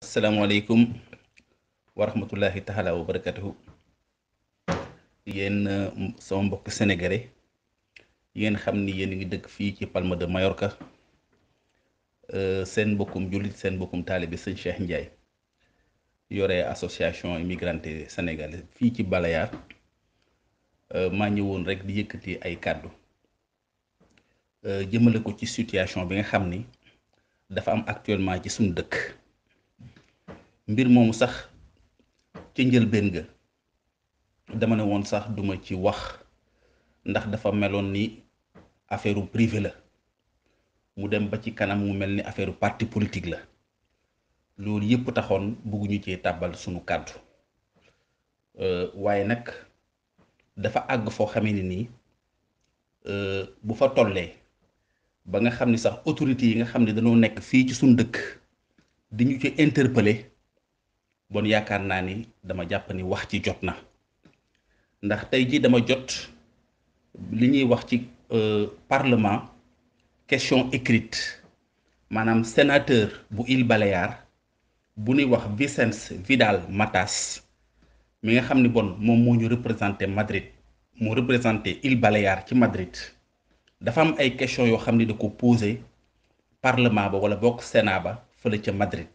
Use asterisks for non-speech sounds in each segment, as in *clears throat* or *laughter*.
asalaamaaleykum wa rahmatullahi taala wa barakatuhu yéen uh, sama mbokk sénégalais ngeen xam ni yéen ngi dëkk fii ci Palma de Mallorca uh, seen mbokkum jullit seen mbokkum taalibe sëñ Cheikh Ndiaye yore association immigrante sénégalais fii ci Balear uh, maa ñëwoon rek di yëkkati ay kàddu jëmale ko ci situation bi nga xam ni dafa am actuellement ci suñu dëkk mbir moomu sax ca njëlbeen ga dama ne woon sax duma ci wax ndax dafa meloon ni affaire privé la mu dem ba ci kanam mu mel ni affaire parti politique la loolu yëpp taxoon bëgguñu cee tàbbal sunu kàddu euh, waaye nag dafa àgg foo xamee ni nii euh, bu fa tollee ba nga xam ni sax autorités yi nga xam ne dañoo nekk fii ci sunu dëkk di ñu ci interpeller bon yaakaar naa ni dama jàpp ni wax ci jot na ndax tey ji dama jot li ñuy wax ci euh, parlement question écrite maanaam sénateur bu Île Baléares bu nuy wax Vicens Vidal Matas mi nga xam ni bon moom moo ñu représenté Madrid mu représenté Île Baléares ci Madrid dafa am ay question yoo xam ni da ko posé parlement ba wala bokk sénat ba fële ca Madrid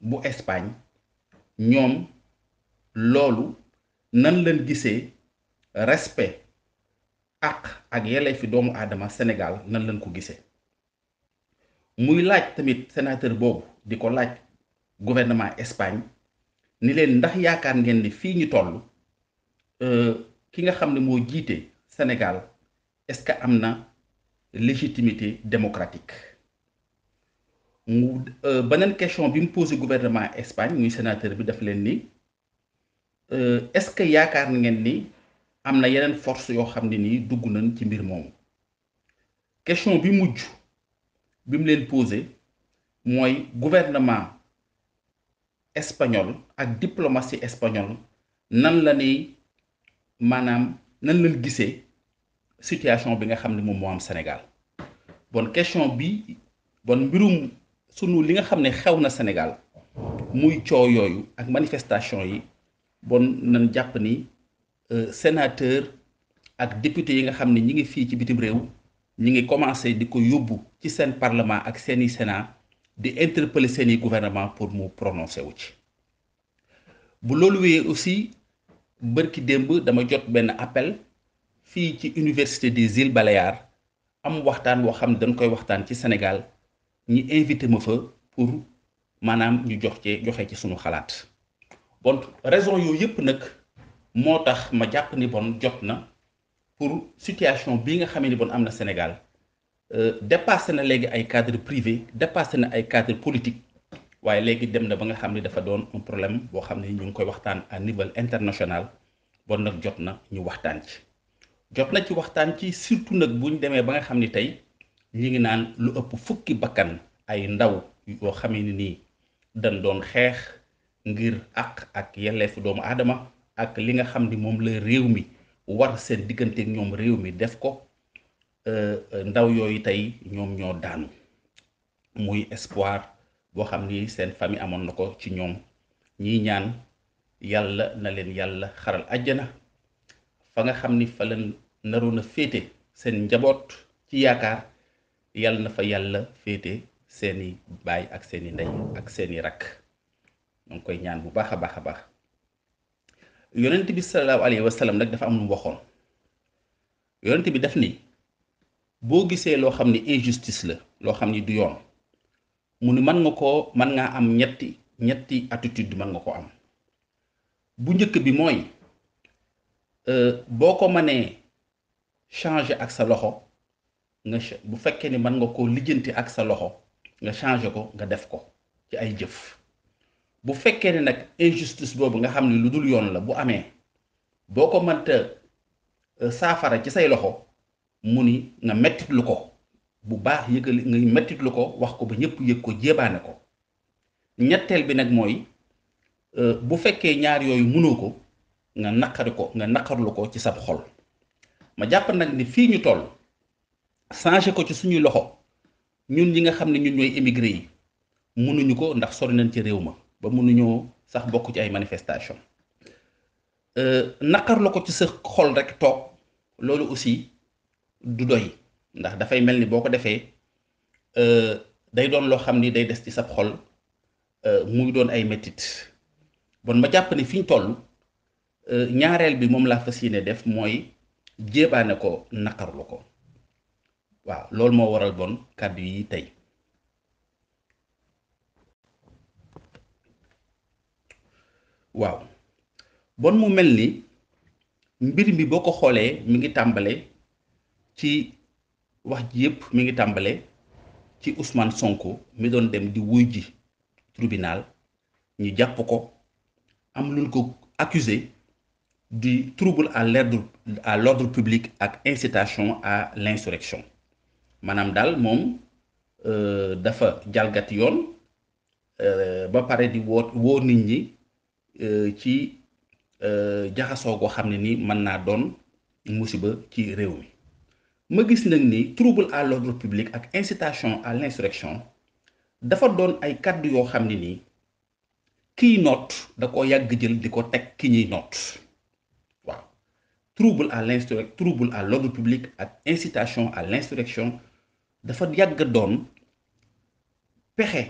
bu Espagne ñoom loolu nan lañ gisee respe àq ak yelleefi doomu aadama Sénégal nan lañ ko gisee muy laaj tamit sénateur boobu di ko laaj gouvernement Espagne ni leen ndax yaakaar ngeen ni fii ñu toll euh, ki nga xam ne moo jiite Sénégal est-ce que am na légitimité démocratique Euh, banen kesyon bi mpoze gouvernement Espany, mwen senater bi daflen ni euh, eske yakarni gen ni amla yenen forso yo khamdeni dugunen timbir moun kesyon bi mwouj bi mlen pose mwen gouvernement Espanyol ak diplomasy Espanyol nan lani manam nan lelgise sityasyon bi nga khamdeni moun moun am Senegal bon kesyon bi, bon mbiroum suñu li nga xamné ne xew na Sénégal muy coow ak manifestation yi bon nañ japp ni euh, sénateur ak député yi nga xamné ñi ngi fi ci bitim réew ñi ngi commencé di ko yóbbu ci seen parlement ak seeni sénat di interpeller seeni gouvernement pour mu prononcer wu ci bu loolu wéyee aussi barki démb dama jot benn appel fii ci université des îles Baléares am waxtaan woo xam dañ koy waxtaan ci Sénégal ni invité ma fa pour manam ñu jox ci joxé ci sunu xalaat bon raison yooyu yëpp nag ma japp ni bon jot na pour situation bi nga xamé ni bon amna sénégal Sénégal euh, dépassé na légui ay cadre privé dépassé na ay cadre politique waye légui dem na ba nga xam dafa doon un problème bo xamné ñu ngi koy waxtaan à niveau international bon nak jot na ñu waxtaan ci jot na ci waxtaan ci surtout nak buñ démé ba nga xam tay ñi ngi naan lu ëpp fukki bakkan ay ndaw yoo xam ne nii dañ doon xeex ngir àq ak yelleefu doomu aadama ak li nga xam ni moom la réew mi war seen digganteeg ñoom réew mi def ko euh, euh, ndaw yooyu tey ñoom ñoo daanu muy espoir boo xam ni seen famille amoon na ko ci ñoom ñii ñaan yàlla na leen yàlla xaral àjjana fa nga xam ni fa leen naroon a féete seen njaboot ci yaakaar yàlla na fa yàlla féete seeni baay ak seeni ndey ak seeni rakk mu ngi koy ñaan bu baax a baax a baax yonent bi salallaahu alayhi wa nag dafa am lu mu waxoon yonent bi daf nii boo gisee loo xam ni injustice la loo xam ni du yoon mu ni mën nga koo mën ngaa am ñetti ñetti attitude mën nga ko am bu njëkk bi mooy euh, boo ko mënee changer ak sa loxo nga bu fekkee ni mën nga koo lijjanti ak sa loxo nga changer ko nga def ko ci ay jëf bu fekkee ni nag injustice boobu nga xam ne lu dul yoon la bu amee boo ko mënta euh, saafara ci say loxo mu ni nga mettitlu ko bu baax yëgali nga mettitlu ko wax ko ba ñëpp yëg ko jébaane ko ñetteel bi nag mooy euh, bu fekkee ñaar yooyu mënoo ko nga naqari ko nga naqarlu ko ci sab xol ma jàpp nag ni fii ñu toll changé ko ci suñuy loxo ñun ñi nga xam ne ñun ñooy émigré yi mënuñu ko ndax sori nañ ci réew ma ba mënuñoo sax bokk ci ay manifestation euh, naqar la ko ci sa xol rek toog loolu aussi du doy ndax dafay mel ni boo ko defee euh, day doon loo xam ni day des ci sab xol euh, muy doon ay mettit bon ma jàpp ne fi ñu toll ñaareel bi moom laa fas yéene def mooy jéebaane ko naqarlu ko waaw loolu moo waral bon kàddu yi tey waaw bon mu mel ni mbir mi boo ko xoolee mi ngi tàmbale ci wax ji yépp mi ngi tàmbale ci Ousmane Sonko mi doon dem di wuy ji tribunal ñu jàpp ko am ko accusé di trouble à l'ordre à l'ordre public ak incitation à l'insurrection dal mom euh dafa jalgati yoon euh, ba pare di woo woo nit ñi euh, ci euh jaxaso go ne ni man na doon musiba ci réew mi ma gis nak ni trouble à l'ordre public ak incitation à l'insurrection dafa doon ay kàddu yo xam ni ki note noot da ko yàgg jël diko tek ki ñi note waaw trouble à l'insurrection trouble à l'ordre public ak incitation à l'insurrection dafa yàgg doon pexe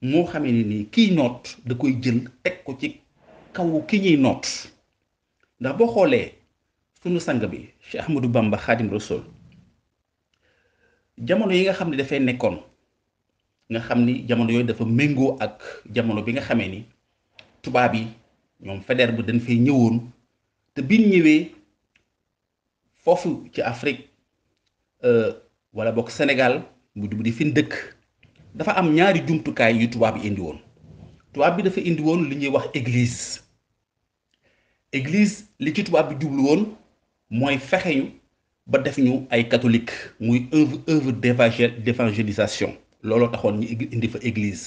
moo xamee ne nii kiy noot da koy jël teg ko ci kaw ki ñuy noot ndax boo xoolee sunu sang bi Cheikh Ahmadou Bamba Khadim Rasoul jamono yi nga xam ne dafay nekkoon nga xam ni jamono yooyu dafa méngoo ak jamono bi nga xamee ni tubaab yi ñoom Faidherbe bu dañ fay ñëwoon te biñ ñëwee foofu ci Afrique. Euh, wala bokk Sénégal mu di fi dëkk dafa am ñaari jumtukaay yu tubaab yi indi woon tubaab bi dafa indi woon li ñuy wax église église li ci tubaab bi jublu woon mooy fexe ba def ñu ay catholique muy œuvre œuvre d'évangélisation looloo taxoon ñu indi fa église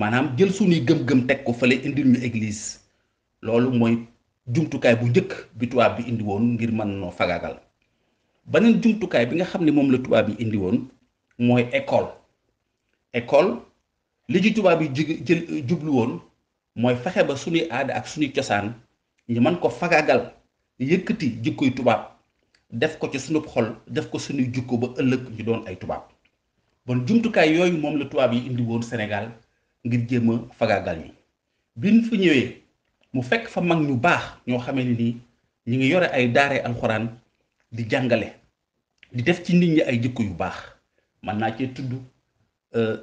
maanaam jël suñuy gëm-gëm teg ko fële indil ñu église loolu mooy jumtukaay bu njëkk bi tubaab bi indi woon ngir mën noo fagaagal beneen jumtukaay bi nga xam ne moom la tubaab yi indi woon mooy école école li ci tubaab yi jig jël mooy fexe ba suñuy aada ak suñuy cosaan ñu mën ko fagaagal yëkkati jikkoy tubaab def ko ci sunub xol def ko suñuy jukko ba ëllëg ñu doon ay tubaab bon jumtukaay yooyu moom la tubaab yi indi woon Sénégal ngir jéem a fagaagal ñi biñ fi ñëwee mu fekk fa mag ñu baax ñoo xamee ni ñu ngi yore ay daare alxuraan di jàngale di def ci nit ñi ay jikko yu baax mën naa cee tudd euh,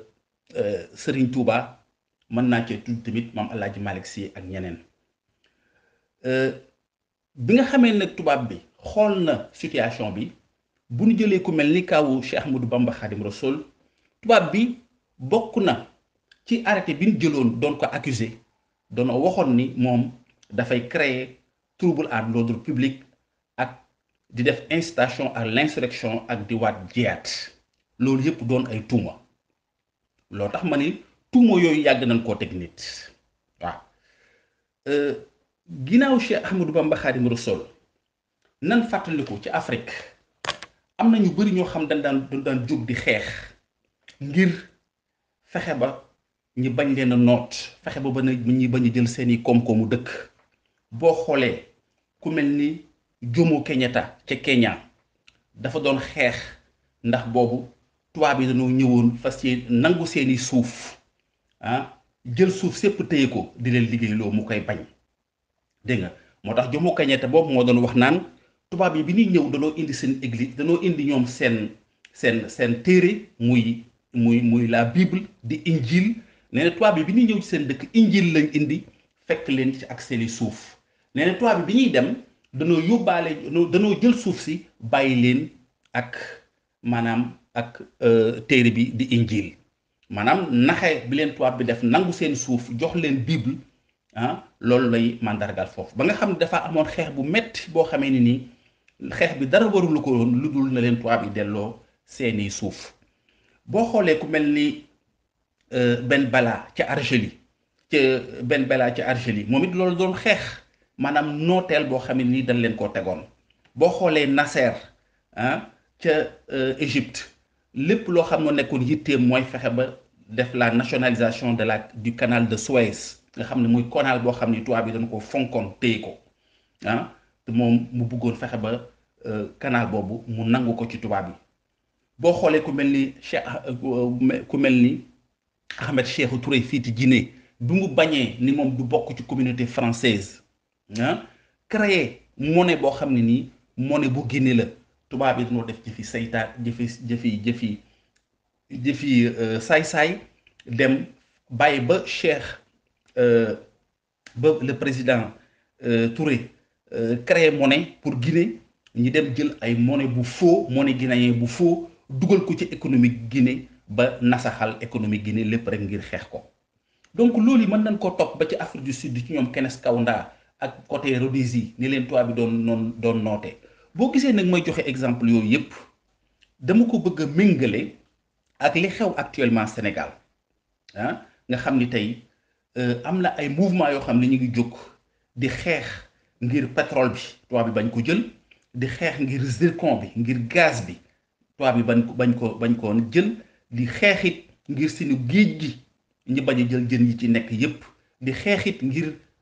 euh, sëriñ Touba mën naa cee tudd tamit maam El ji Malick Sy ak ñeneen euh, bi nga xamee nag tubaab bi xool na situation bi bu ñu jëlee ku mel ni kaawu Cheikh Ahmadou Bamba Khadim Rasoul tubaab bi bokk na ci arrêté bi ñu jëloon doon ko accusé doon waxoon ni moom dafay créer trouble à l'ordre public. di def incitation à l'insurrection ak di wat diat loolu yep doon ay tuuma loo tax ma ni tuuma yooyu nañ ko tek nit euh ginaaw Cheikh Ahmadou Bamba khadim rasoul nan fàttaliku ci Afrique amna ñu bari ñoo xam dañ daan dañ daan di xex ngir fexé ba ñi bañ leen note fexé ba ba ñi bañ jël seeni kom komu dëkk bo xolé ku melni Jomo Kenyatta ca Kenya dafa doon xeex ndax boobu tubaab yi dañoo ñëwoon fas yéene nangu seeni suuf ah jël suuf sépp téye ko di leen liggéeyloo mu koy bañ dégg nga moo tax Jomo Kenyatta boobu moo doon wax naan tubaab yi bi ñuy ñëw danoo indi seen église danoo indi ñoom seen seen seen téere muy muy muy la Bible di injil nee na tubaab yi bi ñuy ñëw ci seen dëkk injil lañ indi fekk leen ci ak seeni suuf nee na tubaab yi bi ñuy dem. danoo yóbbaale danoo jël suuf si bàyyi leen ak maanaam ak téere bi di injil maanaam naxe bi leen tubaab bi def nangu seen suuf jox leen bible ah loolu lay mandargal foofu ba nga xam ne dafa amoon xeex bu metti boo xamee ni nii xeex bi dara warul ko woon lu dul na leen tubaab yi delloo seeni suuf boo xoolee ku mel ni Ben Bella ca Algérie ca Ben Bella ca Algérie moom it loolu doon xeex. Madame Notel pas dans le dañ leen Nasser hein, ca euh, Égypte lepp ne yitté def la nationalisation de la du canal de Suez nga xamni moy canal bo xamni dans bi dañ ko hein? ko ah, euh, canal bobu mu nangu ci le bi bo ku euh, ku Ahmed Cheikhou Guinée ni du communauté française Hein? créer monnaie pour monnaie bu la def euh, dem euh, le président euh, Touré créer monnaie pour Guinée ñi dem jël monnaie bu faux monnaie bu faux ko ci Guinée ba nasaxal Guinée donc loolu nañ ko top ba ci du Sud ci ak côté Rhodésie ni leen tubaab bi doon noon doon noote boo gisee nag may joxe exemple yooyu yëpp dama ko bëgg a méngale ak li xew actuellement Sénégal ah nga xam ni tey euh, am na ay mouvement yoo xam ne ñu ngi jóg di xeex ngir pétrole bi tubaab bi bañ ko jël di xeex ngir zircon bi ngir gaz bi tubaab bi bañ ko bañ ko bañ ko jël di xeexit ngir suñu géej gi ñu bañ jël jën yi ci nekk yépp di xeexit ngir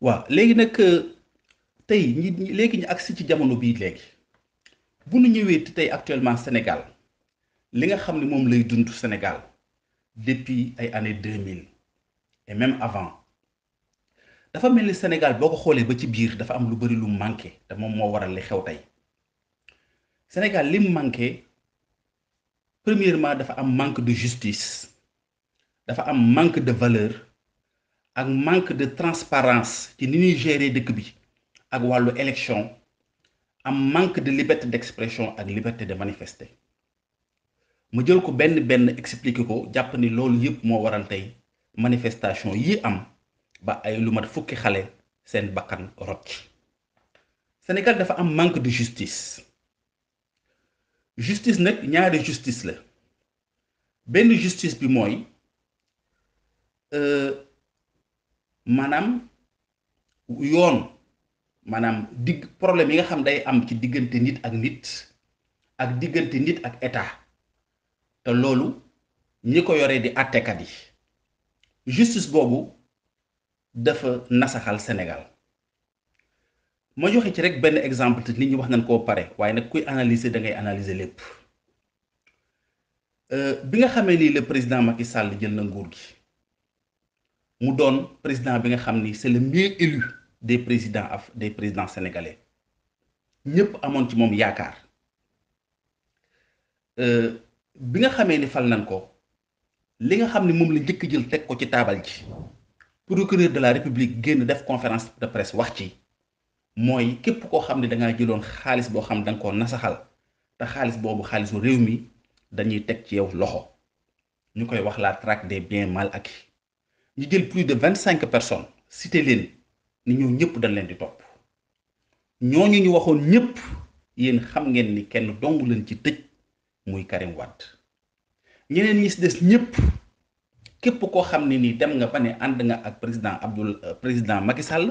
wa léegi nak euh, tay ñi léegi ñu ci jamono les bu ñu ñëwé actuellement Sénégal li nga xamni mom lay dund Sénégal depuis ay années 2000 et même avant dafa Sénégal boko xolé ba ci biir dafa am lu bari lu manqué da mom mo waral li xew Sénégal lim premièrement dafa manque de justice dafa am manque de valeur ak manque de transparence ci ni ñuy gérer dëkk bi ak wàllu élection am manque de liberté d'expression ak liberté de manifester ma jël ko benn benn expliquer ko jàpp ni loolu yëpp moo waral tey manifestation yi am ba ay lu mat fukki xale seen bakkan rocc Sénégal dafa am manque de justice justice nag ñaari justice la benn justice bi mooy. Euh, manam yoon manam dig problème yi nga xam day am ci diggante nit ak nit ak diggante nit ak état te loolu ñi ko yoree di àttekat yi justice boobu dafa nasaxal Sénégal ma joxe ci rek benn exemple nit ñi wax nañ koo pare waaye nag kuy analyser da ngay analyser lépp euh, bi nga xamee ni le président Macky Sall jël na nguur gi mu président bi nga c'est le mieux élu des présidents des présidents sénégalais ñëpp amoon ci moom yaakaar euh, bi nga xamee ni fal nan ko li nga xam ni la njëkk jël teg ko ci de la république génn def conférence de presse wax ci mooy képp koo xam da ngaa jëloon xaalis boo xam da nga nasaxal dañuy ci yow loxo wax la traque des biens mal acquis ñu jël plus de vingt cinq personnes cité leen ni ñoo ñëpp dañ leen di topp ñooñu ñu waxoon ñëpp yéen xam ngeen ni kenn dongu leen ci tëj muy Karim Wade ñeneen ñi des ñëpp képp koo xam ne nii dem nga ba ne ànd nga ak président Abdoul euh, président Macky Sall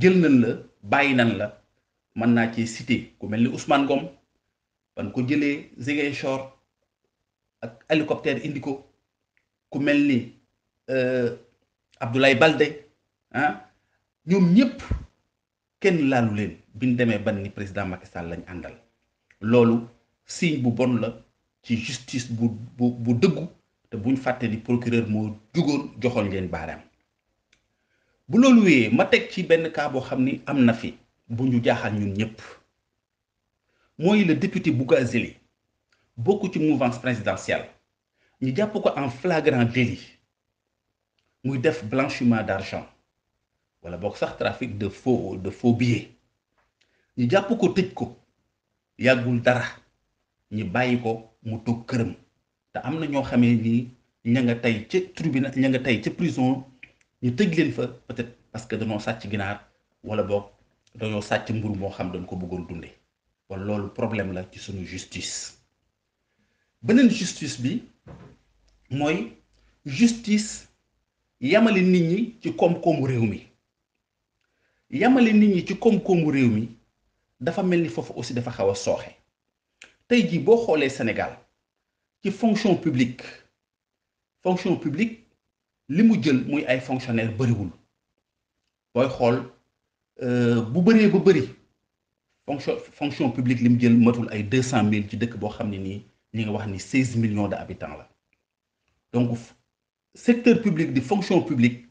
jël nañ la bàyyi nañ la mën naa ci cité ku mel ni Ousmane Ngom ban ko jëlee Ziguinchor ak hélicoptère indi ko ku mel ni Euh, Abdoulaye Balde ah ñoom ñëpp kenn laalu leen bi ñu demee ban ni président Macky Sall lañ àndal loolu signe bu bon la ci justice bu bu bu dëggu te buñ fàtte ni procureur moo jugoon joxoon leen baaraam bu loolu wéyee ma teg ci benn cas boo xam ni am na fi bu ñu jaaxal ñun ñëpp mooy le député Bougazeli bokk ci mouvance présidentielle ñu jàpp ko en flagrant délit muy def blanchiment d'argent wala bok sax trafic de faux de faux billets ñu japp ko tejj ko yagul dara ñu bayiko mu tok kërëm te amna ño xamé xamee ni ña nga tay ci tribunal ña nga tay ci prison ñu tejj leen fa peut-être parce que dañoo sàcc ginar wala boog dañoo sàcc mburu mo xam dañ ko bëggoon dundé wala lool problème la ci suñu justice benen justice bi moy justice yamale nit ñi ci kom koomu réew mi nit ñi ci kom réew dafa aussi dafa xaw a sooxe tey jii Sénégal ci fonction publique fonction publique li mu jël muy ay fonctionnaire bëriwul booy xool euh, bu bëree ba bëri fonction fonction publique li jël matul ay ci dëkk ni millions d'habitants la donc secteur public de fonction publique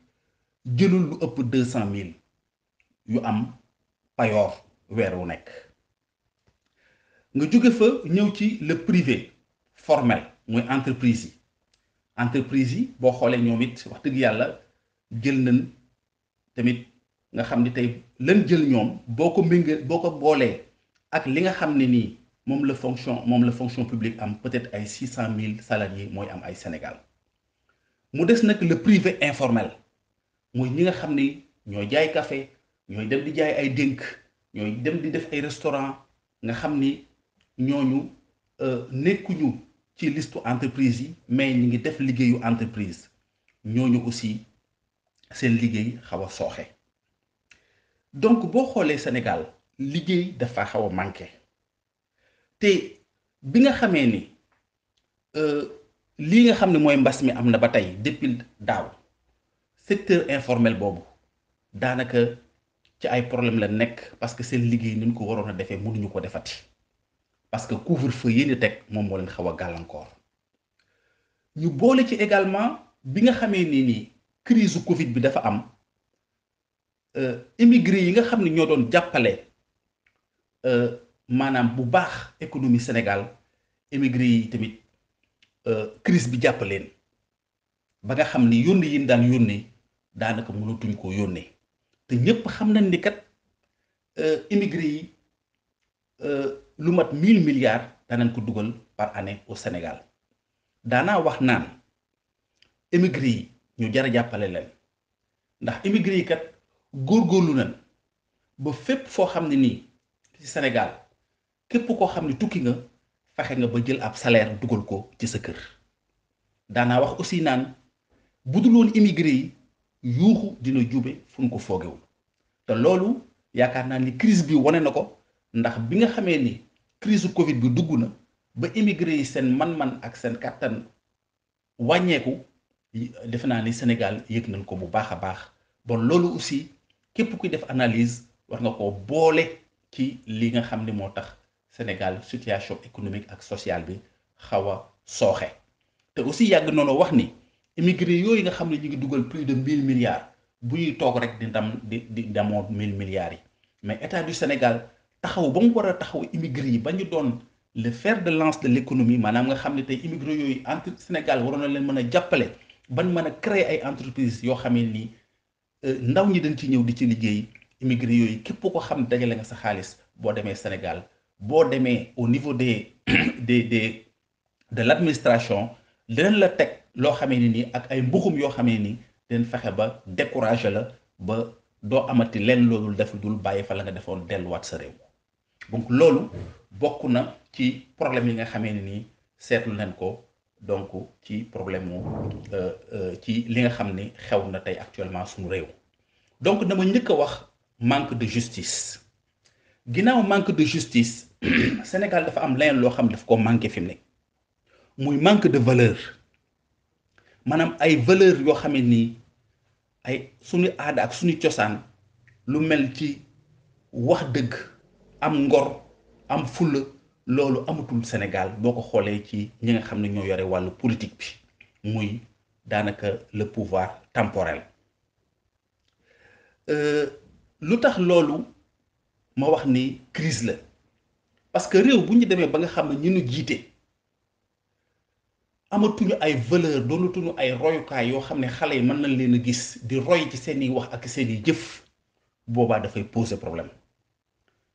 jëlul lu ëpp deux cent yu am payoor weer wu nekk nga jóge fa ñëw ci le privé formel mooy entreprise yi entreprise yi boo xoolee ñoom it wax dëgg yàlla jël nañ tamit nga xam ni tey lan jël ñoom boo ko méngee boo ko boolee ak li nga xam ne nii moom la fonction moom la fonction publique am peut-être ay 600 000 salariés mooy am ay Sénégal mu des nag le privé informel mooy ñi nga xam ni ñooy jaay café ñooy dem di jaay ay dénk ñooy dem di def ay restaurant nga xam ni ñooñu euh, nekkuñu ci liste entreprise yi mais ñi ngi def liggéeyu entreprise ñooñu aussi seen liggéey xaw a sooxe donc boo xoolee Sénégal liggéey dafa xaw a manqué te bi nga xamee ni euh, li nga xam moy mooy mbas mi am ba tey depuis daw secteur informel bobu danaka ci ay problème la nek parce que c'est liggéey ni ñu ko warona a mënu ñu ko defati parce que couvre-feu yi ñu mom mo moo leen xaw a ñu bolé ci également bi nga xamé ni crise Covid bi dafa am euh, immigré yi nga xam ne ñoo jappalé euh manam bu baax économie Sénégal immigré yi tamit. kris eh, bi pelin leen ba nga xamni yoni yi ndan yoni danaka mënu tuñ ko yoni te ñepp xam nañ ni kat eh, immigré yi eh, lu mat 1000 milliards nañ ko duggal par année au Sénégal dana wax naan immigré yi ñu jara jappalé ndax immigré yi kat lu nañ ba fepp fo xamni ni ci Sénégal képp ko xamni tukki nga. fexe nga ba jël ab salaire dugal ko ci sa kër daanaa wax aussi naan bu dul woon immigré yi yuuxu dina juube fu ñu ko foogewul te loolu yaakaar naa ni crise bi wane na ko ndax bi nga xamee ni crise covid bi dugg na ba immigré yi seen man-man ak seen kàttan wàññeeku defe naa ni Sénégal yëg nañ ko bu baax a baax bon loolu aussi képp kuy def analyse war nga ko boole ci li nga xam ni moo tax Sénégal situation économique et sociale bi a aussi il faut wax ni nga plus de 1000 milliards Si vous rek di ndam milliards mais état du Sénégal taxaw entreprise. mu taxaw immigré le fer de lance de l'économie maanaam nga xam Sénégal si na leen mën une créer ay entreprises yoo ne euh, ndaw ñi dañ ci di ci immigré képp Sénégal boo demee au niveau des *clears throat* des des de l'administration, administration le la teg loo xamee ne nii ak ay mbuxum faire xamee ni dinañ fexe ba découragé la ba doo amati lenn loolu def dul bàyyi fa la nga defoon delluwaat sa donc loolu beaucoup na ci problème yi nga xamee ne nii seetlu ko donc ci problème mu euh, euh, ci li nga qui ni xew actuellement suñu réew donc dama njëkk a wax manque de justice ginnaaw manque de justice *clears throat* Sénégal dafa am leneen loo xam daf koo manqué fi mu muy manque de valeur maanaam ay valeur yoo xam ne nii ay suñu aada ak suñu cosaan lu mel ci wax dëgg am ngor am fulla loolu amatul Sénégal boo ko xoolee ci ñi nga xam ne ñoo yore wàllu politique bi muy daanaka le pouvoir temporel euh, lu tax loolu ma wax ni crise la parce que réew bu ñu demee ba nga xam ne ñu nu jiite amatuñu ay valeur doonatuñu ay royukaay yoo xam ne xale yi mën nañ leen a gis di roy ci seeni wax ak seeni jëf boobaa dafay poser problème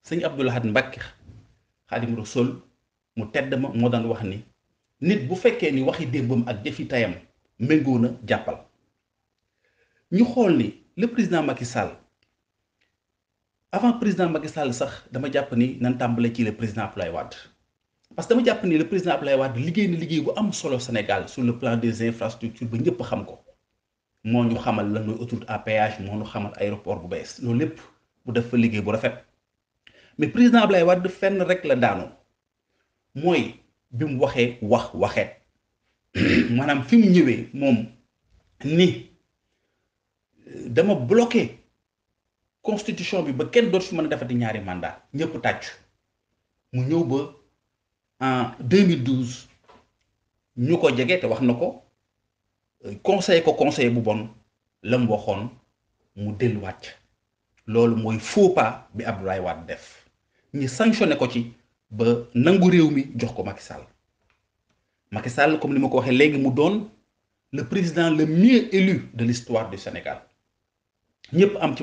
sëñ Abdou Lahad Mbacké Xaadimu sol mu tedd ma moo daan wax ni nit bu fekkee ni waxi démbam ak jëfi tayam méngoo na jàppal ñu xool ni le président Macky Sall avant président Macky Sall sax dama jàpp ni nan tàmbale ci le président Abdoulaye Wade parce que dama jàpp nii le président Abdoulaye Wade liggéey na liggéey bu am solo Sénégal sur le plan des infrastructures ba ñëpp xam ko moo ñu xamal lan mooy autoroute à péage moo ñu xamal aéroport bu bees loolu lépp bu def fa liggéey bu rafet mais président Abdoulaye Wade fenn rek la daanoo mooy bi mu waxee wax waxeet *clears throat* maanaam fi mu ñëwee moom ni dama bloqué. constitution bi ba kenn fi mën a defati ñaari mandat ñëpp tàcc mu en 2012 ñu ko jege te wax euh, conseil ko conseil bu bon pas bi Abdoulaye Wade def ñu sanctionné ko ci ba nangu réew comme ko le président le mieux élu de l'histoire du Sénégal ñëpp am ci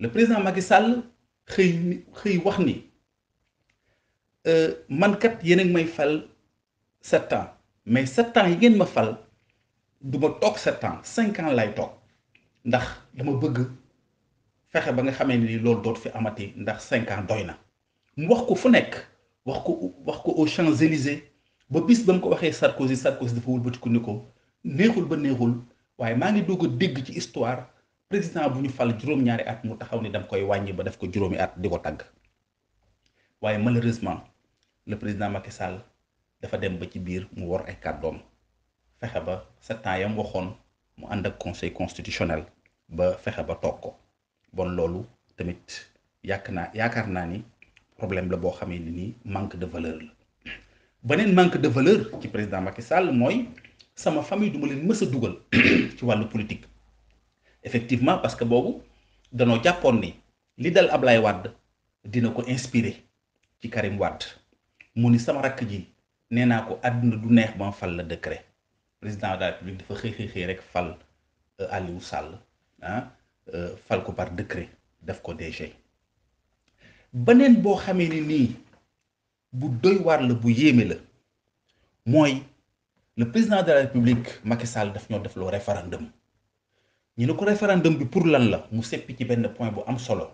le président Macky Sall xey wax ni euh, man kat sept ans mais 7 ans yi ma fal ans cinq ans lay tok ndax dama bëgg fexé ba nga xamé ni doot fi amati ndax 5 ans doyna mu wax ko fu nek wax ko wax ko au Champs-Élysées ba bis ko Sarkozy Sarkozy dafa wul ko ba waye ma ngi histoire. président buñu ñu fal juróom-ñaari at mu taxaw ni dam koy wañi ba def ko juroomi at diko tag waye malheureusement le président Macky Sall dafa dem ba ci biir mu wor ay kàddoom fexé ba sept ans yam waxone mu and ak conseil constitutionnel ba fexé ba toog bon lolu tamit yakna yakarna ni problème la bo xamé ni manque de valeur la benen manque de valeur ci président Macky Sall moy sama famille duma len mës a ci walu politique effectivement parce que bobu japon ni li dal ko inspiré Karim wad sama ko du neex ba décret président de la république dafa rek ko par décret def ko DG. benen ni bu doy le président de la république a fait daf référendum ñu ne ko référendum bi pour lan la mu seppi ci benn point bu am solo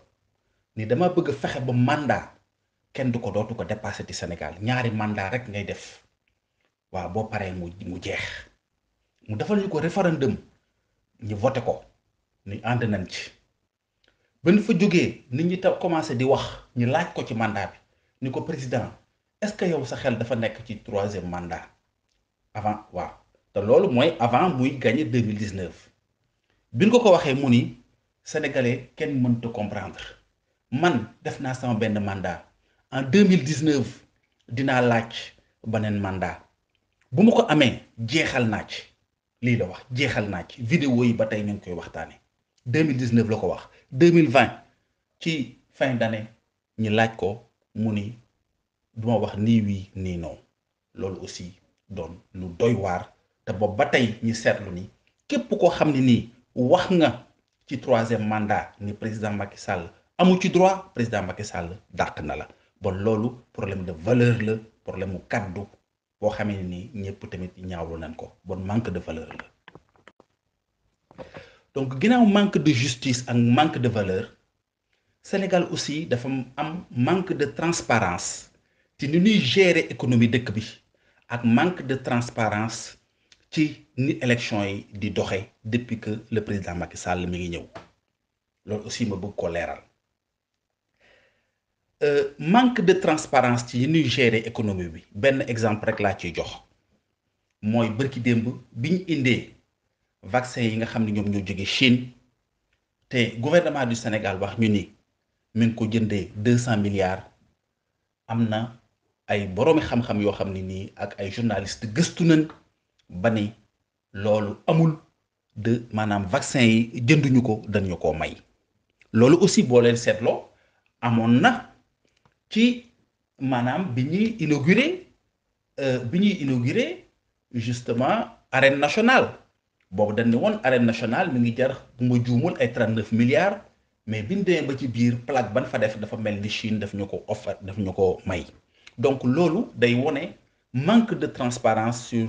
ni dama bëgg a fexe ba mandat kenn du ko dootu ko dépassé ci Sénégal ñaari mandat rek ngay def waaw boo paree mu mu jeex mu defal ñu ko référendum ñu voté ko ñu ànd nañ ci ba ñu fa jógee ni ñi ta commencé di wax ñu laaj ko ci mandat bi ni ko président est-ce que yow sa xel dafa nekk ci troisième mandat avant waaw te loolu mooy avant muy gagner 2019 si ko ko waxee mu sénégalais kenn mënta comprendre man def sama mandat en 2019, dix mandat bu ma ko amee jeexal naa ci la wax jeexal naa vidéo yi ba tey ñu ngi koy waxtaanee 2019 la ko wax ci fin d'année ñu laaj ko mu ni du ma wax nii wii nii non loolu aussi doon lu doy waar te boobu ba tey ni képp koo xam ne wax nga ci troisième mandat ni président Macky Sall amu ci droit président Macky Sall dàq na la bon lolu problème de valeur le problème mu kaddu le xamee ni ñëpp tamit ñaawlu nañ ko bon manque de valeur la donc un manque de justice un manque de valeur Sénégal aussi dafa un manque de transparence ci ni ñuy gérer économie dëkk bi ak manque de transparence ni élection yi depuis que le président Macky Sall mi ngi aussi ma bëgg ko euh, manque de transparence ci économie bi exemple rek la jox vaccin yi gouvernement du Sénégal wax ñu ni milliards amna ay xam-xam ak journaliste bané lolu amul de manam vaccin yi jënduñu ko dañu ko may lolu aussi bo len setlo amona na ci manam bi inauguré euh, bini inaugurer inauguré justement arène nationale boobu dañ ne arène nationale mi ngi jar mu neuf ay 39 milliards mais biñ demee ba ci biir plaque ban fa def dafa mel ni Chine daf ñu ko daf may donc lolu day woné manque de transparence sur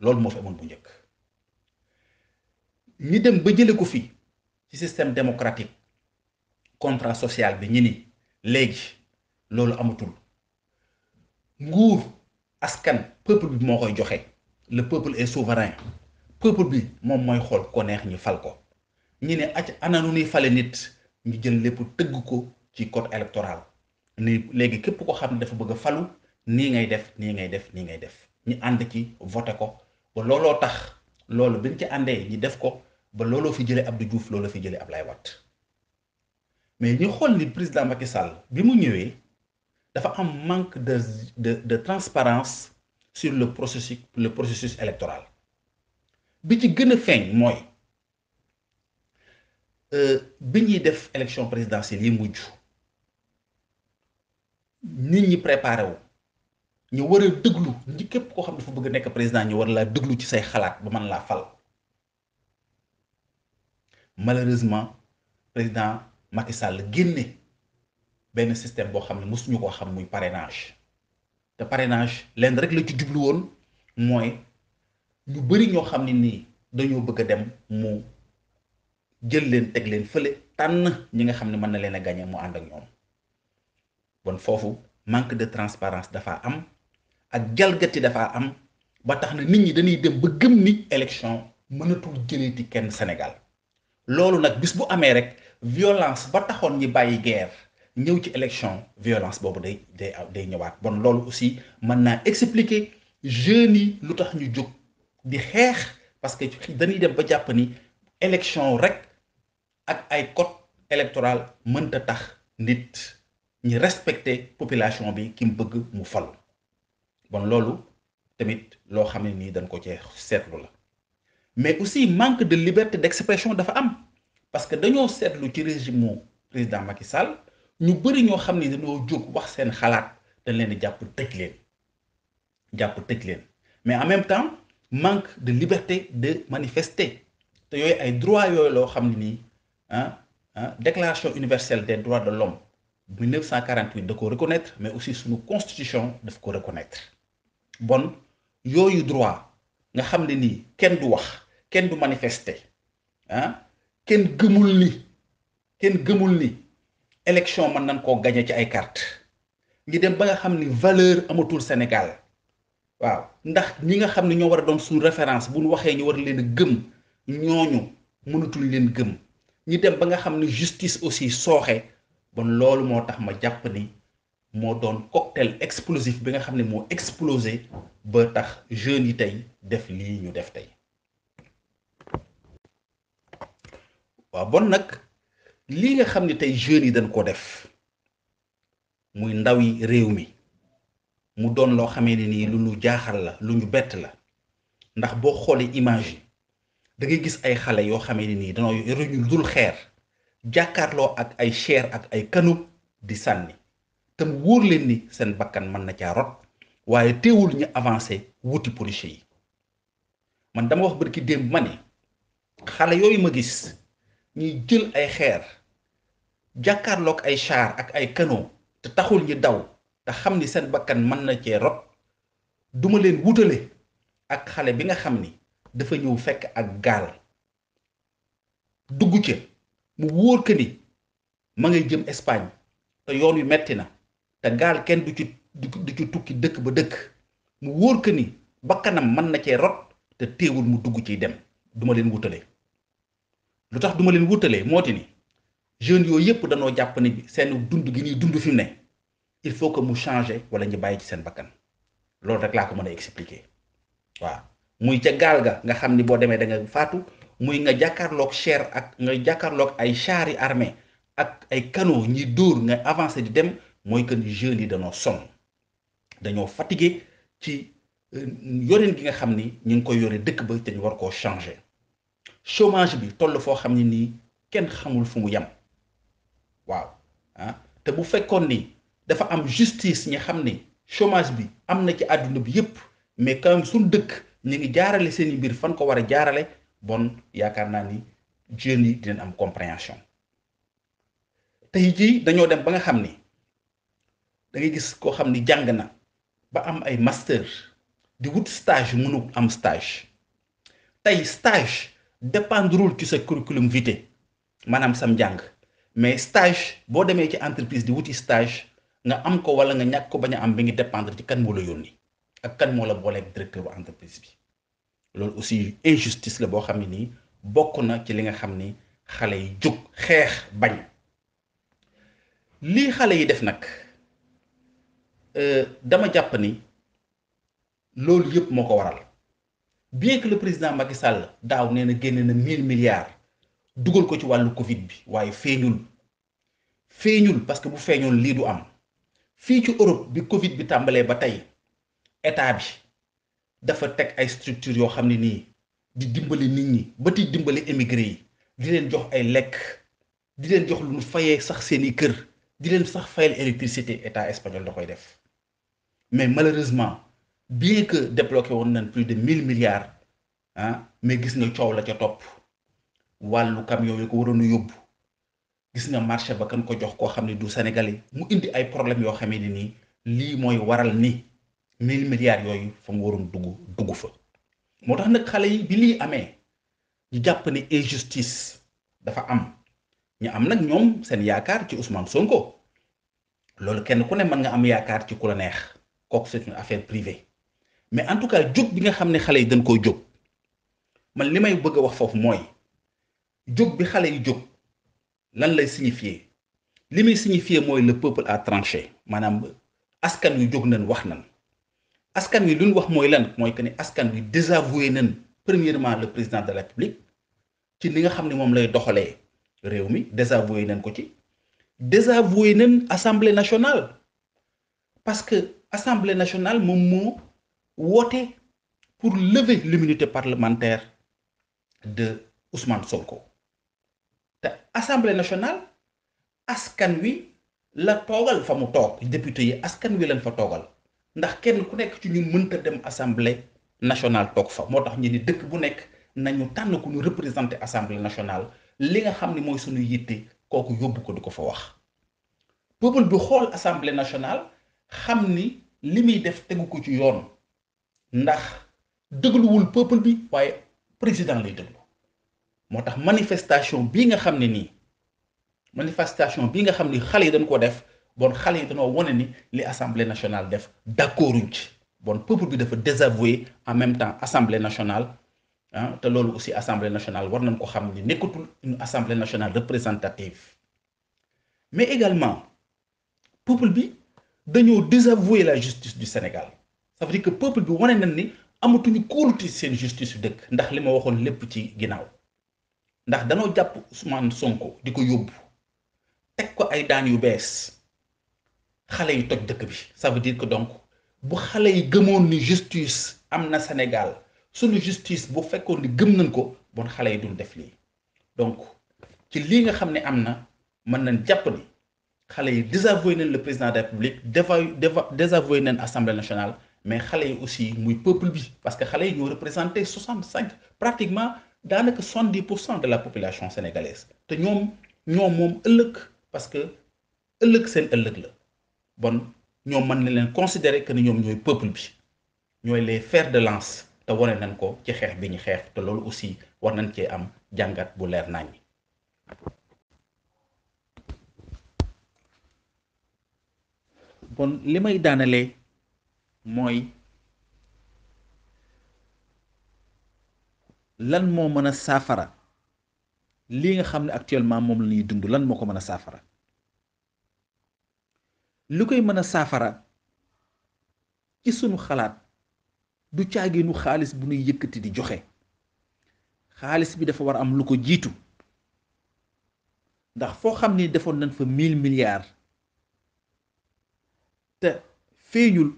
C'est ce fi amoon bu njëkk ñi dem système démocratique contrat social bi ñi ni léegi amatul nguur askan peuple bi moo koy le peuple est souverain peuple bi moom mooy xool ko neex ne nit ñu jël lépp ko code électoral ni képp ko dafa bëgg ba looloo tax loolu biñ ci àndee ñi def ko ba looloo fi jëlee Abdou Diouf looloo fi jëlee Ablaye Wade mais ñu xool ni président Macky Sall bi mu ñëwee dafa am manque de de de transparence sur le processus le processus électoral bi ci gën a feeñ mooy euh, bi ñuy def élection présidentielle yi mujj nit ñi préparé wu. ñu war a déglu ñi képp koo xam dafa bëgg nekk président ñu war laa déglu ci say xalaat ba man laa fal malheureusement président Macky Sall génne benn système boo xam ne mosuñu koo xam muy parrainage te parrainage lenn rek la ci jublu woon mooy ñu bëri ñoo xam ne nii bëgg dem mu jël leen teg leen fële tànn ñi nga xam ne mën na leen a gagné mu ànd ak ñoom bon foofu manque de transparence dafa am ak jalgati dafa am ba tax na nit ñi dañuy dem ba gëm ni élection mënatul jëleeti kenn Sénégal loolu nag bis bu amee rek violence ba taxoon ñi bàyyi guerre ñëw ci élection violence boobu day day day ñëwaat bon loolu aussi mën naa expliquer jeunes yi lu tax ñu jóg di xeex parce que dañuy dem ba jàpp ni élection rek ak ay code électoral mënta tax nit ñi respecter population bi ki mu bëgg mu falu bon loolu tamit lo xamné ni dañ ko ci setlu la mais aussi manque de liberté d'expression dafa am parce que dañoo setlu ci régime président Macky Sall ñu bëri ñoo xamné ne dañoo jóg wax seen xalaat dañ leen di jàpp leen japp leen mais en même temps manque de liberté de manifester te yoy ay droit yoy lo xamné ni hein, ah, ah, déclaration universelle des droits de l'homme 1948 de reconnaître mais aussi suñu constitution daf ko reconnaître bon yo droit nga xamni ni ken du wax ken du manifester ah ken gemul ni ken gemul ni élection man nan ko gagner ci ay carte ngi dem ba nga xamni valeur amatul Sénégal waaw ndax ñi nga xamni ño wara war doon suñu référence bu ñu ñu wara leen gem gëm ñooñu leen gëm ñi dem ba nga xamni justice aussi soxé bon lolu motax ma japp ni moo doon cocktail explosif bi nga xam ne moo explosé ba tax jeunes yi tey def lii ñu def tey waaw bon nag lii nga xam ne tey jeunes yi dañ ko def muy ndaw yi réew mi mu doon loo xame ne nii lu ñu jaaxal la lu ñu bett la ndax boo xoolee image yi da gis ay xale yoo xamee ne nii danoo yoruñu dul xeer jàkkaarloo ak ay chair ak ay kanub di sànni te mu leen ni seen bakkan mën na caa rot waaye teewul ñu avancé wuti policier yi man dama wax barki démb ma ne xale yooyu ma gis ñuy jël ay xeer jàkkaarloog ay char ak ay kano te taxul ñu daw te xam seen bakkan mën na cee rot duma leen wutale ak xale bi nga xam ni dafa ñëw fekk ak gaal dugg ca mu wóor ke ni ma ngay jëm Espagne te yoon yu metti na te gaal kenn du ci du ci tukki dëkk ba dëkk mu wóor ko ni bakkanam mën na cee rot te teewul mu dugg ciy dem duma leen wutale lu tax duma leen wutale moo ti ni jeunes yooyu yëpp danoo jàpp ni seen dund gi ñuy dund fi ne il faut que mu changer wala ñu bàyyi ci seen bakkan loolu rek laa ko mën a expliquer waaw muy ca gaal ga nga xam ni boo demee da nga faatu muy nga jàkkaarloog cher ak nga jàkkarlook ay chari armé ak ay canot ñi dóor nga avancé di dem moy que ni jeunes yi dañoo sonn dañoo fatigué ci euh, yoren gi nga xamni ni ñu ngi koy yoré dëkk ba te ñu war ko changer chômage bi toll fo xamni ni kenn xamul fu mu yam waaw hein te bu fekkoon ni dafa am justice ñi xamni chômage bi am ci aduna bi yépp mais quand même suñ dëkk ñu ngi jaarale seen i fan ko war a jaarale bon yaakaar naa ni jeunes yi dinañ am compréhension tey jii dañoo dem ba nga xam ni da ngay gis koo xam ni jàng na ba am ay master di wut stage mënu am stage tey stage dépendrul ci sa curriculum vitae maanaam sam jàng mais stage boo demee ci entreprise di wuti stage nga am ko wala nga ñàkk ko bañ a am bi ngi dépendre ci kan moo la yónni ak kan moo la booleeg directeur bu entreprise bi loolu aussi injustice la boo xam ne nii bokk na ci li nga xam ni xale yi jóg xeex bañ lii xale yi def nag Euh, dama jàpp ni loolu yëpp moo ko waral bien que le président Macky Sall daaw nee na génne na mille milliards dugal ko ci wàllu Covid bi waaye feeñul feeñul parce que bu feeñoon lii du am fii ci Europe bi Covid bi tàmbalee ba tey état bi dafa teg ay structures yoo xam ne nii di dimbali nit ñi ba ti dimbali émigré yi di leen jox ay lekk di leen jox lu mu fayee sax seeni kër di leen sax fayal électricité état espagnol da koy def. mais malheureusement bien que débloqué on nañ plus de 1000 milliards hein mais gis nga coow la ca top walu camion yi ko waroon yobbu gis nga marché ba kan ko jox ko xam du sénégalais mu indi ay problèmes yo xamee ni li moy waral ni 1000 milliards yoyu fa mu waroon dugg dugg fa motax nak xalé yi bi li amé ñu japp ne injustice dafa am ñu am nak ñom seen yaakaar ci Ousmane Sonko lolu kenn ku ne man nga am yaakaar ci kula la neex kooku c'est une affaire privée mais en tout cas jóg bi nga xam ne xale yi dañ koy jóg man li may bëgg a wax foofu mooy jóg bi xale yi jóg lan lay signifier signifier le peuple a tranché Madame, askan yu jóg nañ wax nañ askan wi luñ wax moy lan moy que ni askan wi désavoué nañ premièrement le président de la République ci li nga xam mom lay doxalé réew mi désavoué nañ ko ci désavoué nañ assemblée nationale parce que assemblée nationale mon mot, pour lever l'immunité parlementaire de Ousmane Sonko L'Assemblée assemblée nationale askan wi la togal fa député yi askan wi lañ fa toogal ndax kenn ku nekk ci dem assemblée nationale toog fa moo tax de ni dëkk bu nekk nañu tànn ku assemblée nationale li nga xam ne mooy suñu yitte kooku ko ko fa wax peuple assemblée nationale xamni limi def tegu ko ci yoon ndax wul peuple bi waye président lay déglu motax manifestation bi nga xamni ni manifestation bi nga xamni xalé dañ ko def bon xalé yi dañoo wane ni li assemblée nationale def d'accorduñ ci bon peuple bi dafa désavoué en même temps assemblée nationale hein te lolu aussi assemblée nationale war nañ ko xam ni une assemblée nationale représentative mais également peuple bi dañoo désavoué la justice du Sénégal ça veut dire que peuple bi wane nañ ni justice yu ndax li ma waxoon ci ginnaaw ndax danoo jàpp Ousmane Sonko di ko yóbbu ko ay daan yu bees ça veut dire que donc bu yi justice am Sénégal, Sénégal la justice bu fekkoon ni gëm nañ ko bon xale yi dul def donc ci lii nga xam xalé yi désavoué nañ le président de la république désavoué nañ assemblée nationale mais xalé yi aussi muy peuple bi parce que xalé yi ñoo représenter 65 pratiquement daanaka soixante de la population sénégalaise té ñom ñom mom ëllëg parce que ëllëg seen ëllëg la bon ñom sommes considérés leen considérer que ñom ñoy peuple bi ñoy les fers de lance té woné nañ ko ci xeex bi ñu xeex te loolu aussi war nañ ci am jangat bu leer nañ kon li may daanalee mooy lan moo mën a saafara lii nga xam ne actuellement moom la dund lan moo ko mën a saafara lu koy mën a saafara ci sunu xalaat du caaginu xaalis bu ñuy yëkkati di joxe xaalis bi dafa war a am lu ko jiitu ndax foo xam ni defoon nañ fa mill milliards te feeñul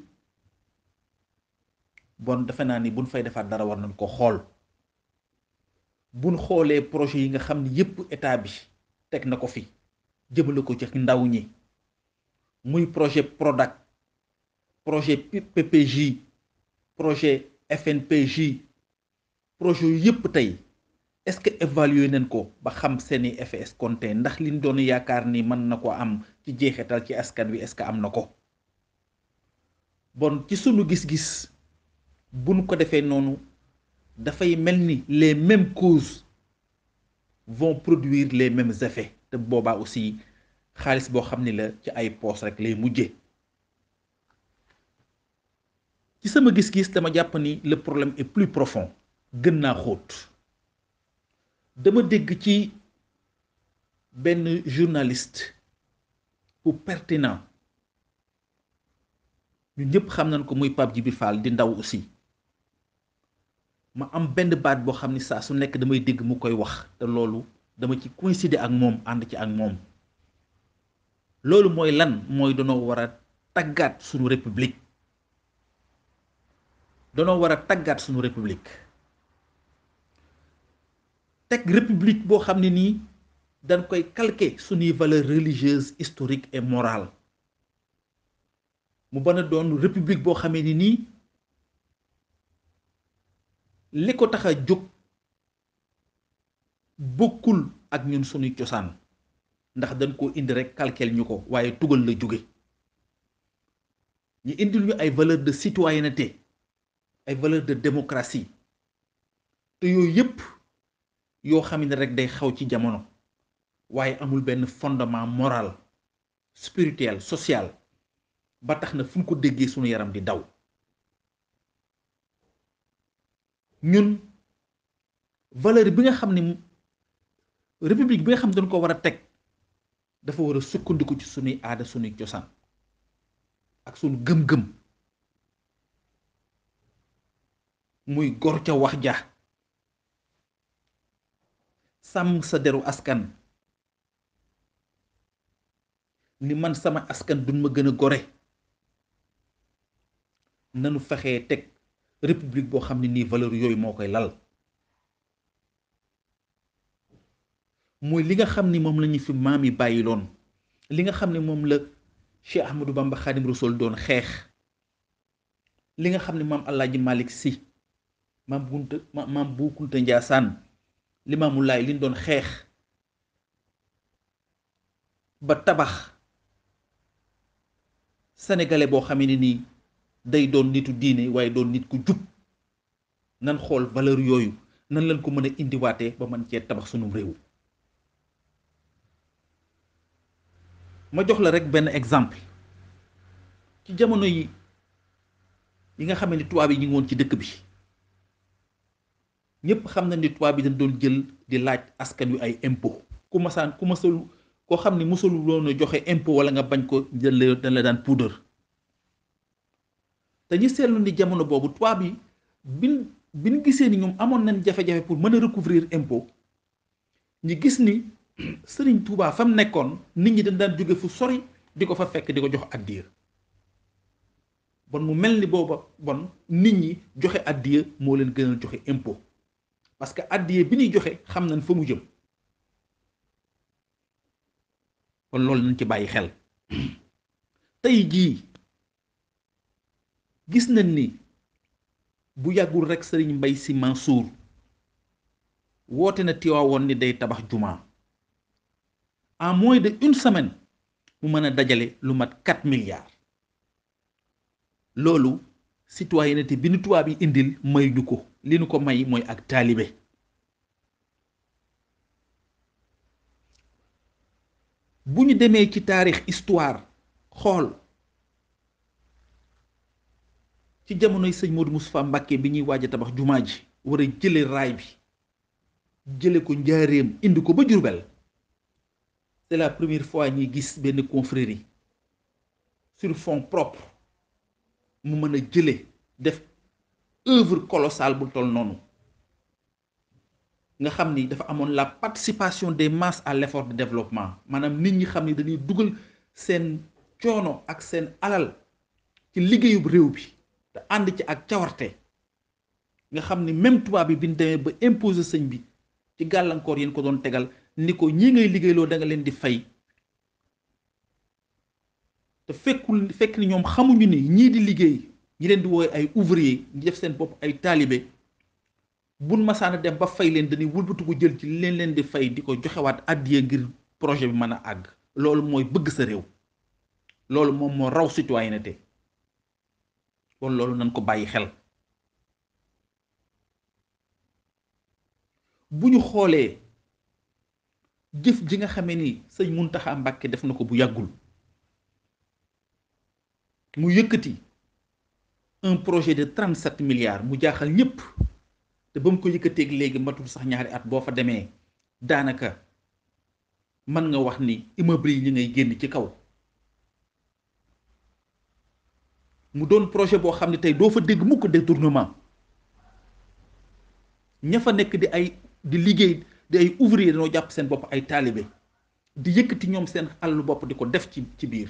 bon defe naa ni buñ fay defaat dara war nañ ko xool buñ xoolee projet yi nga xam ni yépp état bi teg na ko fi jëmale ko ci ndaw ñi muy projet Prodac projet PPJ projet FNPJ projet yu yépp tey est-ce que évaluer nañ ko ba xam seeni effet escompté ndax liñ doon yaakaar ni mën na ko am ci jeexital ci askan wi est-ce que am na ko bon ci sunu gis-gis buñ ko défé noonu da fay melni les mêmes causes vont produire les mêmes effets te boba aussi xaalis bo xamni la ci ay poos rek lay mujjé ci sama gis-gis dama japp ni le problème est plus profond gën naa xóot dama dégg ci ben journaliste ou pertinent ñu ñëpp xam nañ ko muy Pape bi Fall di ndaw aussi ma am benn baat boo xam ni saa su nekk damay dégg mu koy wax te loolu dama ci coïncider ak moom ànd ci ak moom loolu mooy lan mooy danoo war a taggaat suñu république danoo war a taggaat suñu république teg république boo xam ne nii dañ koy calquer suñuy valeurs religieuses historiques et morales mu bana a doon république boo xamee ni nii li ko tax a jóg bokkul ak ñun sunuy cosaan ndax dañ ko indi rek calqueel ñu ko waaye tugal la jóge ñu indil ñu ay valeur de citoyenneté ay valeur de démocratie te yooyu yépp yoo xam ne rek day xaw ci jamono waaye amul benn fondement moral spirituel social ba tax na fu ñu ko déggee sunu yaram di daw ñun valeur bi nga xam ne république bi nga xam ne dañ ko war a teg dafa war a sukkandiku ci sunuy aada sunuy cosaan ak sunu gëm-gëm muy gor ca wax ja sàmm sa deru askan ni man sama askan duñ ma gën a gore nanu fexee teg république boo xam ne nii valeur yooyu moo koy lal mooy li nga xam ni moom la ñu fi maam yi bàyyi loon li nga xam ne moom la Cheikh Ahmadou Bamba Khadim Rasoul doon xeex li nga xam ne maam Alaaji Malick Si maam Gunta maam Bu Kunta Njaasaan li maamu laay liñ doon xeex ba tabax senegale boo xam ne nii day doon nitu diine waaye doon nit ku jub nan xool valeur yooyu nan lañ ko mën a indiwaate ba man cee tabax sunum réew ma jox la rek benn exemple ci jamono yi yi nga xam ne tubaab yi ñu ngi woon ci dëkk bi ñëpp xam na ni tubaab yi dañ doon jël di laaj askan wi ay impôt ku masaan ku masalu koo xam ni mosalu loon a joxe impôt wala nga bañ ko jël dañ la daan puudar te ñu seetlu ni jamono boobu tubaab yi bin bin gisee ni ñoom amoon nañ jafe-jafe pour mën a recouvrir impo ñu gis ni *clears throat* sëriñ Touba fa mu nekkoon nit ñi dañ daan jóge fu sori di ko fa fekk di ko jox addiya bon mu mel ni booba bon nit ñi joxe addiya moo leen gënal joxe impo parce que addiya bi ñuy joxe xam nañ fa mu jëm kon loolu nañ ci bàyyi xel *clears throat* tey jii. gis nañ ni bu yàggul rekk sëriñ Mbay Si Mansour woote na Tiwaawoon ni day tabax juma en moins de une semaine mu mën a dajale lu mat quatre milliards loolu citoyenneté bi nu yi indil may ñu ko li nu ko may mooy ak taalibe bu ñu demee ci taarix histoire xool ci jamonoy sëñ Modou Moustapha Mbacké bi ñuy waaj tabax juma ji wara jëlé ray bi jëlé ko njaareem indi ko ba Jurbel c'est la première fois ñi gis ben confrérie sur fond propre mu mën jëlé def œuvre colossale bu toll noonu nga xam ni dafa amoon la participation des masses à l'effort de développement maanaam nit ñi xam ni dañuy dugal seen coono ak seen alal ci liggéeyub réew bi te ànd ci ak cawarte nga xam ne même tubaab bi biñ demee ba imposer sëñ bi ci gàllankoor yéen ko doon tegal ni ko ñii ngay liggéeyloo da nga leen di fay te fekkul fekk ni ñoom xamuñu ni ñii di liggéey ñi leen di woowee ay ouvrier ñi def seen bopp ay taalibe buñ masaana dem ba fay leen dañuy wëlbatiku jël ci li leen leen di fay di ko joxewaat àddiya ngir projet bi mën a àgg loolu mooy bëgg sa réew loolu moom moo raw citoyenneté kon loolu nan ko bàyyi xel bu ñu xoolee jëf ji nga xamee ni sëñ Muntaxa Mbàkke def na ko bu yàggul mu yëkkati un projet de trent 37 milliards mu jaaxal ñépp te ba mu ko yëkkateeg léegi matul sax ñaari at boo fa demee daanaka mën nga wax ni immeuble yi ñu ngay génn ci kaw mu doon projet boo xam ne tey doo fa dégg mukk détournement ña fa nekk di ay di liggéey di ay ouvrier dañoo jàpp seen bopp ay taalibe di yëkkati ñoom seen alalu bopp di ko def ci ci biir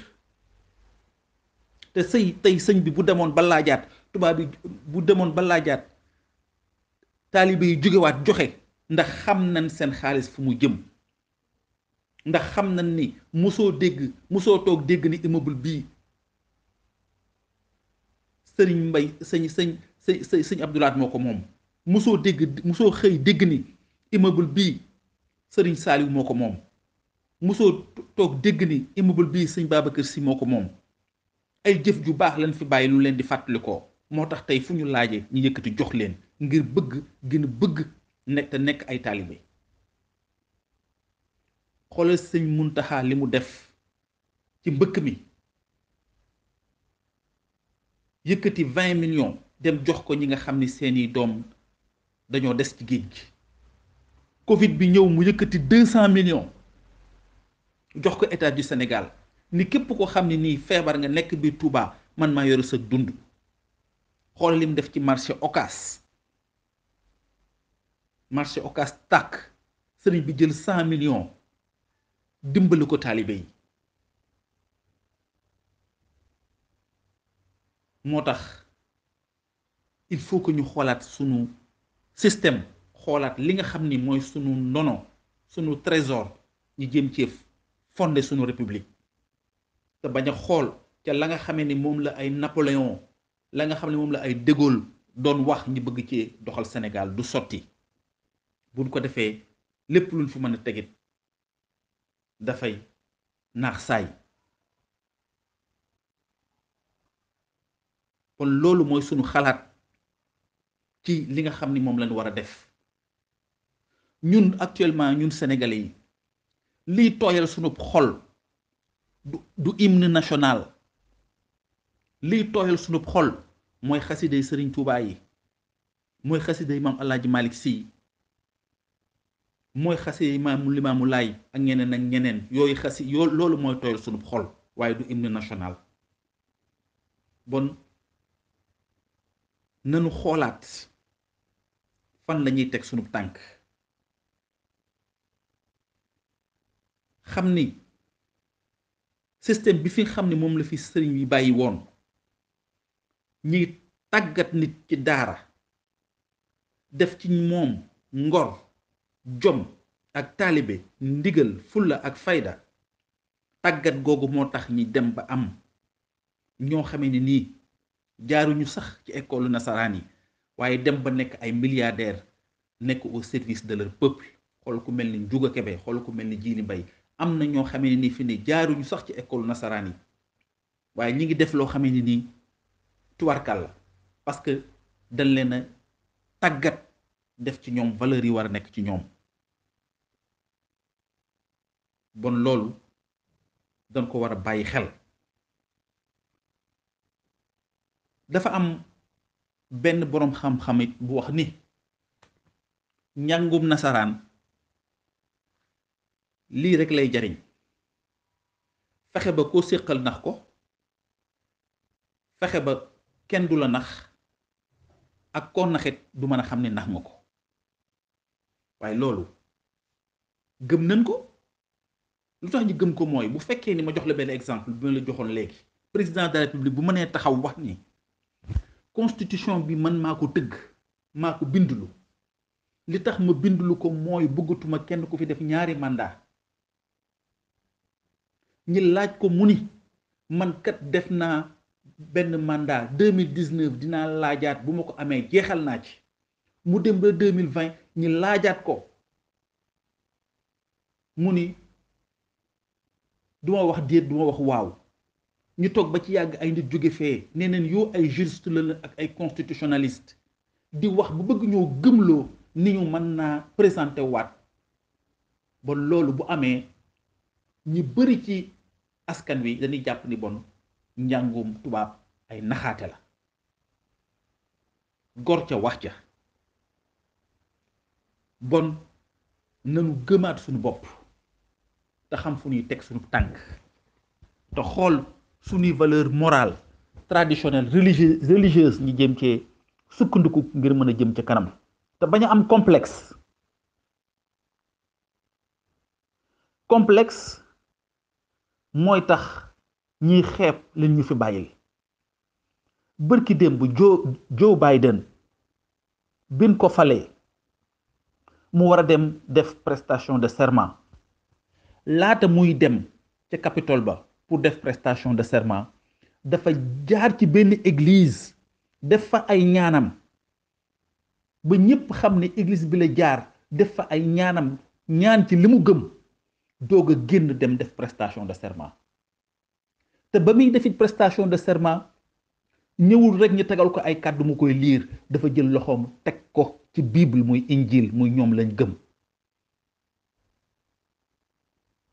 te sëy tey sëñ bi bu demoon ba tubaab bi bu demoon ba laajaat taalibe yi jógewaat joxe ndax xam nañ seen xaalis fu mu jëm ndax xam nañ ni mosoo dégg mosoo toog dégg ni immeuble bii sëriñ mbay sëñ sëñ sëñ sëñ abdulaat moo ko moom mosoo dégg mosoo xëy dégg ni immeuble bii sëriñ saaliw moo ko moom mosoo toog dégg ni immeuble bii sëñ Babacar si moo ko moom ay jëf ju baax lañ fi bàyyi lu leen di fàttalikoo moo tax tey fu ñu laajee ñu yëkkati jox leen ngir bëgg gën a bëgg nekk nekk ay taalibe xoolal sëñ Muntaxa li mu def ci mbëkk mi yëkkati vingt millions dem jox ko ñi nga xam ni seeni doom dañoo des ci géej gi Covid bi ñëw mu yëkkati deux cent millions jox ko état du Sénégal ni képp ko xam ne nii feebar nga nekk biir Touba man maa yore sa dund xool lim def ci marché Ocass marché Ocass tàkk sëriñ bi jël cent millions dimbali ko taalibe yi. motax il faut que ñu xoolaat suñu système xoolaat li nga xamni moy suñu nono suñu trésor ñu jëm ci fondé suñu république te baña xol xool ca la nga xamni mom la ay Napoléon la nga xamni mom la ay de Gaulle doon wax ñi bëgg ci doxal Sénégal du sotti buñ ko défé lepp luñ fu mëna a da fay nax saay kon loolu mooy sunu xalaat ci li nga xam ni moom lañ war a def ñun actuellement ñun sénégalais yi lii tooyal sunu xol du du hymne national lii tooyal sunu xol mooy xasiday sëriñ Touba yi mooy xasiday maam El Hadj Malick Sy mooy xasiday maam Limaamu Laay ak ñeneen ak ñeneen yooyu xasi yoo loolu mooy tooyal sunu xol waaye du hymne national nanu xoolaat fan lañuy teg sunu tànk xam ni système bi fi xam ni moom la fi sëriñ yi bàyyi woon ñuy tàggat nit ci daara def ci moom ngor jom ak taalibe ndigal fulla ak fayda tàggat googu moo tax ñi dem ba am ñoo xame ne nii jaaruñu sax ci école nasaraan yi waaye dem ba nekk ay milliardaires nekk au service de leur peuple xool ku mel ni Ndiouga kebe xool ku mel ni Djily bay am na ñoo xamee ni fi ne jaaruñu sax ci école nasaraan yi waaye ñi ngi def loo xamee ni nii tuwarkal la parce que dañ leen a tàggat def ci ñoom valeur yi war a nekk ci ñoom bon loolu dañ ko war a bàyyi xel dafa am benn boroom xam-xamit bu wax ni njàngum nasaraan lii rek lay jariñ fexe ba koo séqal nax ko fexe ba kenn du la nax ak koo naxit du mën a xam ne nax nga ko waaye loolu gëm nañ ko lu tax ñu gëm ko mooy bu fekkee ni ma jox la benn exemple bi ma la joxoon léegi président de république bu mënee taxaw wax ni constitution bi man maa ko tëgg maa ko bindulu li tax ma bindulu ko mooy bëggatuma kenn ku fi def ñaari mandat ñi laaj ko mu ni man kat def naa benn mandat deux mille dix neuf dinaa laajaat bu ma ko amee jeexal naa ci mu dem ba deux mille vingt ñi laajaat ko mu ni duma wax déet duma wax waaw ñu toog ba ci yàgg ay nit jóge fee nee neen yoo ay juriste la ak ay constitutionnaliste di wax bu bëgg ñoo gëmloo ni ñu mën naa présenté waat ba loolu bu amee ñi bari ci askan wi dañuy jàpp ni bon njàngum tubaab ay naxaate la gor ca wax ca bon nanu gëmaat sunu bopp te xam fu ñuy teg suñu tànk te xool suñuy valeur morale traditionnelle religieuse religieuse ñu jëm cee sukkandiku ngir mën a jëm ca kanam te bañ a am complex complexe mooy tax ñiy xeeb leen ñu fi bàyyil bërki démb Joe Joe Biden bin ko falee mu war a dem def prestation de serment laata muy dem ca Capitole ba pour def prestation de serment dafa jaar ci benn église def fa ay ñaanam ba ñépp xam ne église bi la jaar def fa ay ñaanam ñaan ci li mu gëm doog a génn dem def prestation de serment te ba muy defit prestation de serment ñëwul rek ñu tegal ko ay kàddu mu koy liir dafa jël loxoom teg ko ci bible muy injil muy ñoom lañ gëm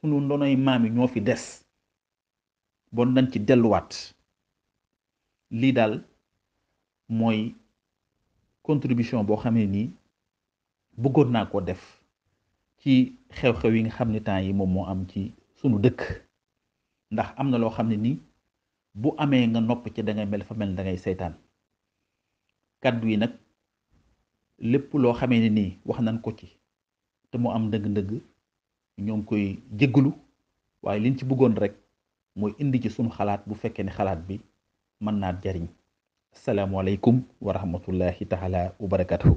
sunu ndonoy maam yi ñoo fi des bon nañ ci delluwaat lii daal mooy contribution boo xamee ne nii bëggoon naa ko def ci xew-xew yi nga xam ne temps yi moom moo am ci sunu dëkk ndax am na loo xam ne nii bu amee nga nopp ci da ngay mel fa mel da ngay seytaan kàddu yi nag lépp loo xamee ne nii wax nañ ko ci te mu am ndëgg-ndëgg ñoo ngi koy jéggalu waaye liñ ci bëggoon rek mooy indi ci sunu xalaat bu fekkee ne xalaat bi mën naa jariñ asalaamualeykum wa rahmatullahi taala wa barakatuhu